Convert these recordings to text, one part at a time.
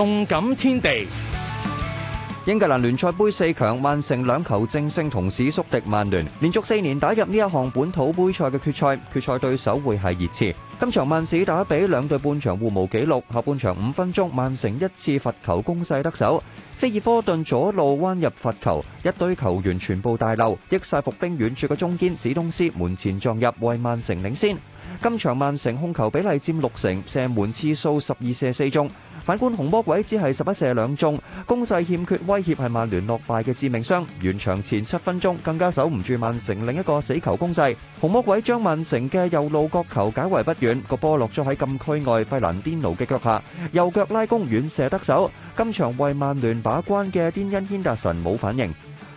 動感天地，英格蘭聯賽杯四強，曼城兩球淨勝同市宿敵曼聯，連續四年打入呢一項本土杯賽嘅決賽，決賽對手會係熱刺。今場曼市打比兩隊半場互無紀錄，下半場五分鐘，曼城一次罰球攻勢得手，菲爾科頓左路彎入罰球，一堆球員全部大漏，益晒伏兵遠處嘅中堅史東斯門前撞入，為曼城領先。今場曼城控球比例佔六成，射門次數十二射四中。反觀紅魔鬼只係十一射兩中，攻勢欠缺，威脅係曼聯落敗嘅致命傷。完場前七分鐘，更加守唔住曼城另一個死球攻勢。紅魔鬼將曼城嘅右路角球解圍不遠，個波落咗喺禁區外費蘭甸奴嘅腳下，右腳拉弓遠射得手。今場為曼聯把關嘅甸恩軒達臣冇反應。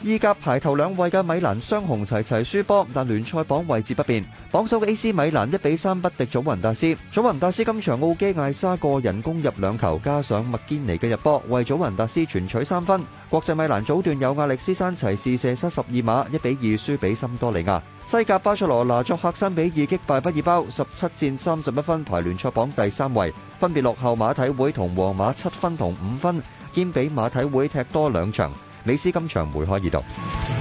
意甲排頭兩位嘅米蘭雙紅齊齊輸波，但聯賽榜位置不變。榜首嘅 AC 米蘭一比三不敵祖雲達斯，祖雲達斯今場奧基艾沙個人攻入兩球，加上麥堅尼嘅入波，為祖雲達斯全取三分。國際米蘭早段有亞歷斯山齊試射失十二碼，一比二輸俾森多利亞。西甲巴塞羅那作客三比二擊敗畢爾包，十七戰三十一分排聯賽榜第三位，分別落後馬體會同皇馬七分同五分，兼比馬體會踢多兩場。李斯今場梅開二度。